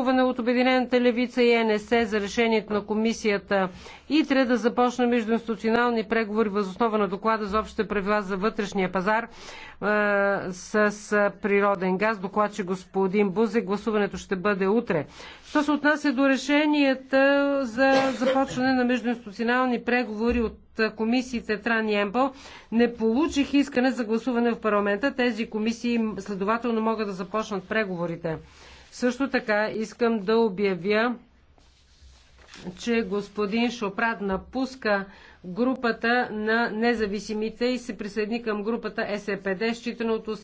гласуване от Обединената левица и НСЕ за решението на комисията и трябва да започне междуинституционални преговори възоснова на доклада за общите правила за вътрешния пазар е, с природен газ. Доклад, че господин Бузе, гласуването ще бъде утре. Що се отнася до решенията за започване на междуинституционални преговори от комисиите Тран и Ембо, не получих искане за гласуване в парламента. Тези комисии следователно могат да започнат преговорите. Също така искам да обявя, че господин Шопрат напуска групата на независимите и се присъедини към групата СПД, считано от